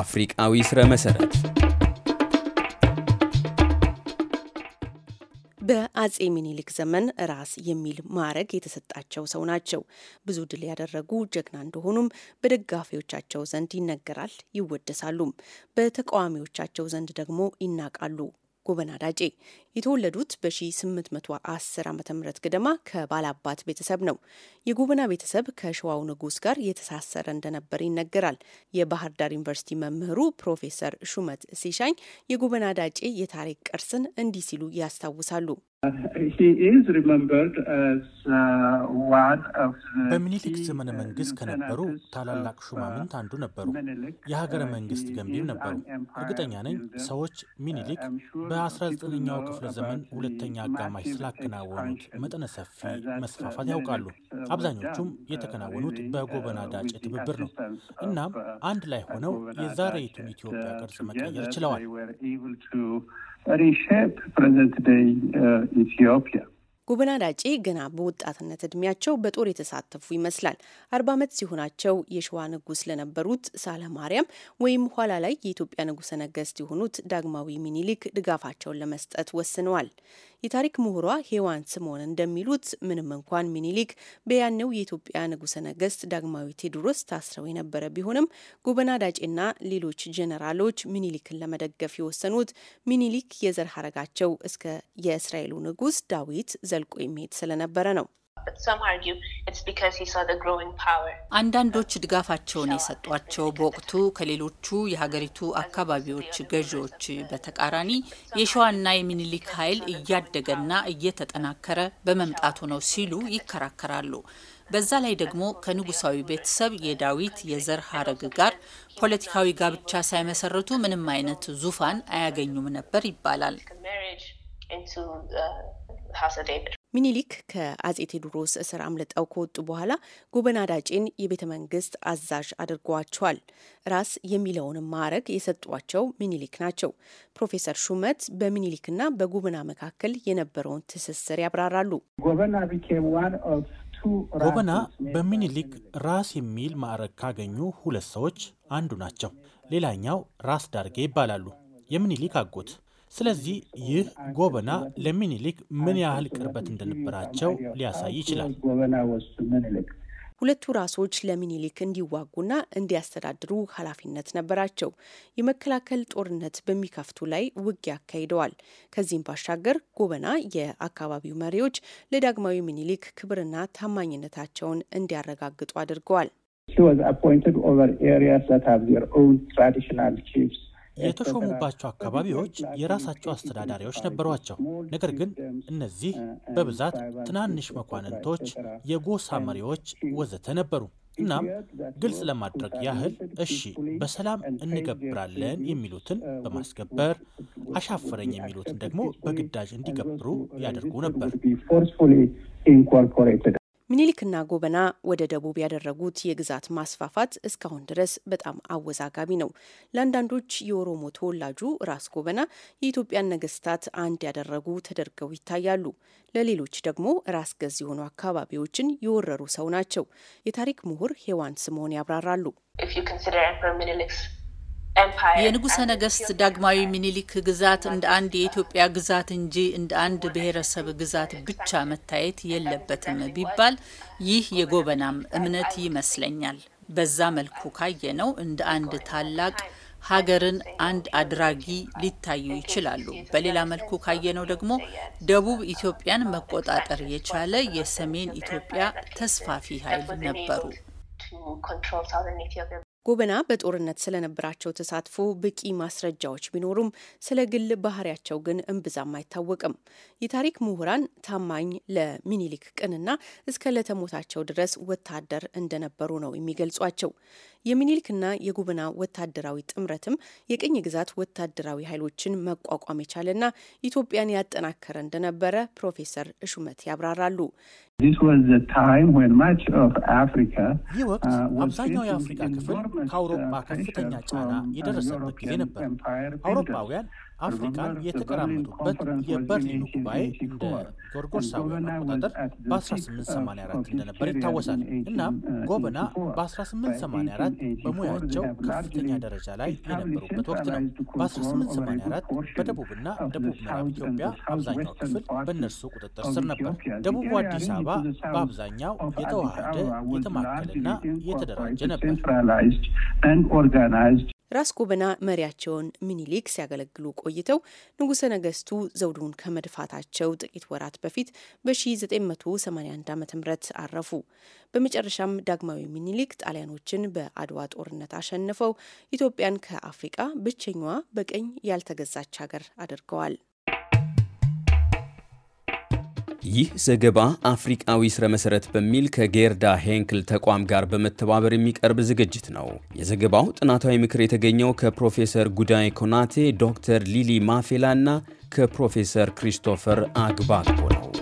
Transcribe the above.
አፍሪቃዊ ስረ መሰረት በአጼ ሚኒሊክ ዘመን ራስ የሚል ማዕረግ የተሰጣቸው ሰው ናቸው። ብዙ ድል ያደረጉ ጀግና እንደሆኑም በደጋፊዎቻቸው ዘንድ ይነገራል፣ ይወደሳሉም። በተቃዋሚዎቻቸው ዘንድ ደግሞ ይናቃሉ። ጎበና ዳጬ የተወለዱት በ1810 ዓ ም ገደማ ከባላባት ቤተሰብ ነው። የጎበና ቤተሰብ ከሸዋው ንጉሥ ጋር የተሳሰረ እንደነበር ይነገራል። የባህር ዳር ዩኒቨርሲቲ መምህሩ ፕሮፌሰር ሹመት ሲሻኝ የጎበና ዳጬ የታሪክ ቅርስን እንዲህ ሲሉ ያስታውሳሉ። uh, በምኒልክ ዘመነ መንግስት ከነበሩ ታላላቅ uh, ሹማምንት አንዱ ነበሩ። የሀገረ uh, መንግስት ገንቢም ነበሩ። እርግጠኛ ነኝ ሰዎች ሚኒሊክ በ19ኛው ክፍለ ክፍለ ዘመን ሁለተኛ አጋማሽ ስላከናወኑት መጠነ ሰፊ መስፋፋት ያውቃሉ። አብዛኞቹም የተከናወኑት በጎበና ዳጬ ትብብር ነው። እናም አንድ ላይ ሆነው የዛሬቱን ኢትዮጵያ ቅርጽ መቀየር ችለዋል። ጉብና ዳጪ ገና በወጣትነት እድሜያቸው በጦር የተሳተፉ ይመስላል። አርባ ዓመት ሲሆናቸው የሸዋ ንጉስ ለነበሩት ሳለ ማርያም ወይም ኋላ ላይ የኢትዮጵያ ንጉሠ ነገሥት የሆኑት ዳግማዊ ሚኒሊክ ድጋፋቸውን ለመስጠት ወስነዋል። የታሪክ ምሁሯ ሄዋን ስምኦን እንደሚሉት ምንም እንኳን ሚኒሊክ በያኔው የኢትዮጵያ ንጉሠ ነገሥት ዳግማዊ ቴዎድሮስ ታስረው የነበረ ቢሆንም ጉበና ዳጪና ሌሎች ጄኔራሎች ሚኒሊክን ለመደገፍ የወሰኑት ሚኒሊክ የዘር ሀረጋቸው እስከ የእስራኤሉ ንጉስ ዳዊት ዘልቆ የሚሄድ ስለነበረ ነው። አንዳንዶች ድጋፋቸውን የሰጧቸው በወቅቱ ከሌሎቹ የሀገሪቱ አካባቢዎች ገዢዎች በተቃራኒ የሸዋና የሚኒሊክ ኃይል እያደገና እየተጠናከረ በመምጣቱ ነው ሲሉ ይከራከራሉ። በዛ ላይ ደግሞ ከንጉሳዊ ቤተሰብ የዳዊት የዘር ሀረግ ጋር ፖለቲካዊ ጋብቻ ሳይመሰርቱ ምንም አይነት ዙፋን አያገኙም ነበር ይባላል። ሚኒሊክ ከአጼ ቴዎድሮስ እስር አምልጠው ከወጡ በኋላ ጎበና ዳጬን የቤተ መንግስት አዛዥ አድርጓቸዋል። ራስ የሚለውን ማዕረግ የሰጧቸው ሚኒሊክ ናቸው። ፕሮፌሰር ሹመት በሚኒሊክና በጎበና መካከል የነበረውን ትስስር ያብራራሉ። ጎበና በሚኒሊክ ራስ የሚል ማዕረግ ካገኙ ሁለት ሰዎች አንዱ ናቸው። ሌላኛው ራስ ዳርጌ ይባላሉ፣ የሚኒሊክ አጎት ስለዚህ ይህ ጎበና ለሚኒሊክ ምን ያህል ቅርበት እንደነበራቸው ሊያሳይ ይችላል። ሁለቱ ራሶች ለሚኒሊክ እንዲዋጉና እንዲያስተዳድሩ ኃላፊነት ነበራቸው። የመከላከል ጦርነት በሚከፍቱ ላይ ውጊያ አካሂደዋል። ከዚህም ባሻገር ጎበና የአካባቢው መሪዎች ለዳግማዊ ሚኒሊክ ክብርና ታማኝነታቸውን እንዲያረጋግጡ አድርገዋል። የተሾሙባቸው አካባቢዎች የራሳቸው አስተዳዳሪዎች ነበሯቸው። ነገር ግን እነዚህ በብዛት ትናንሽ መኳንንቶች፣ የጎሳ መሪዎች ወዘተ ነበሩ። እናም ግልጽ ለማድረግ ያህል እሺ በሰላም እንገብራለን የሚሉትን በማስገበር አሻፈረኝ የሚሉትን ደግሞ በግዳጅ እንዲገብሩ ያደርጉ ነበር። ምኒልክና ጎበና ወደ ደቡብ ያደረጉት የግዛት ማስፋፋት እስካሁን ድረስ በጣም አወዛጋቢ ነው። ለአንዳንዶች የኦሮሞ ተወላጁ ራስ ጎበና የኢትዮጵያን ነገስታት አንድ ያደረጉ ተደርገው ይታያሉ። ለሌሎች ደግሞ ራስ ገዝ የሆኑ አካባቢዎችን የወረሩ ሰው ናቸው። የታሪክ ምሁር ሄዋን ስምኦን ያብራራሉ። የንጉሠ ነገሥት ዳግማዊ ሚኒሊክ ግዛት እንደ አንድ የኢትዮጵያ ግዛት እንጂ እንደ አንድ ብሔረሰብ ግዛት ብቻ መታየት የለበትም ቢባል ይህ የጎበናም እምነት ይመስለኛል። በዛ መልኩ ካየነው እንደ አንድ ታላቅ ሀገርን አንድ አድራጊ ሊታዩ ይችላሉ። በሌላ መልኩ ካየነው ደግሞ ደቡብ ኢትዮጵያን መቆጣጠር የቻለ የሰሜን ኢትዮጵያ ተስፋፊ ኃይል ነበሩ። ጎበና በጦርነት ስለነበራቸው ተሳትፎ በቂ ማስረጃዎች ቢኖሩም ስለ ግል ባህሪያቸው ግን እምብዛም አይታወቅም። የታሪክ ምሁራን ታማኝ ለሚኒሊክ ቅንና እስከ ለተሞታቸው ድረስ ወታደር እንደነበሩ ነው የሚገልጿቸው። የሚኒሊክና የጎበና ወታደራዊ ጥምረትም የቅኝ ግዛት ወታደራዊ ኃይሎችን መቋቋም የቻለና ኢትዮጵያን ያጠናከረ እንደነበረ ፕሮፌሰር እሹመት ያብራራሉ። ይህ ወቅት uh, አብዛኛው የአፍሪካ ክፍል ከአውሮፓ ከፍተኛ ጫና የደረሰበት ጊዜ ነበር። አውሮፓውያን አፍሪካን የተቀራመጡበት የበርሊኑ ጉባኤ እንደ ጎርጎርሳውያን አቆጣጠር በ1884 እንደነበር ይታወሳል። እናም ጎበና በ1884 በሙያቸው ከፍተኛ ደረጃ ላይ የነበሩበት ወቅት ነው። በ1884 በደቡብና ደቡብ ምዕራብ ኢትዮጵያ አብዛኛው ክፍል በእነርሱ ቁጥጥር ስር ነበር። ደቡቡ አዲስ አበባ በአብዛኛው የተዋሃደ የተማከለና የተደራጀ ነበር። ራስ ጎበና መሪያቸውን ሚኒሊክ ሲያገለግሉ ቆይተው ንጉሠ ነገስቱ ዘውዱን ከመድፋታቸው ጥቂት ወራት በፊት በ1981 ዓ ም አረፉ። በመጨረሻም ዳግማዊ ሚኒሊክ ጣሊያኖችን በአድዋ ጦርነት አሸንፈው ኢትዮጵያን ከአፍሪቃ ብቸኛዋ በቀኝ ያልተገዛች ሀገር አድርገዋል። ይህ ዘገባ አፍሪቃዊ ስረ መሰረት በሚል ከጌርዳ ሄንክል ተቋም ጋር በመተባበር የሚቀርብ ዝግጅት ነው። የዘገባው ጥናታዊ ምክር የተገኘው ከፕሮፌሰር ጉዳይ ኮናቴ፣ ዶክተር ሊሊ ማፌላ እና ከፕሮፌሰር ክሪስቶፈር አግባክቦ ነው።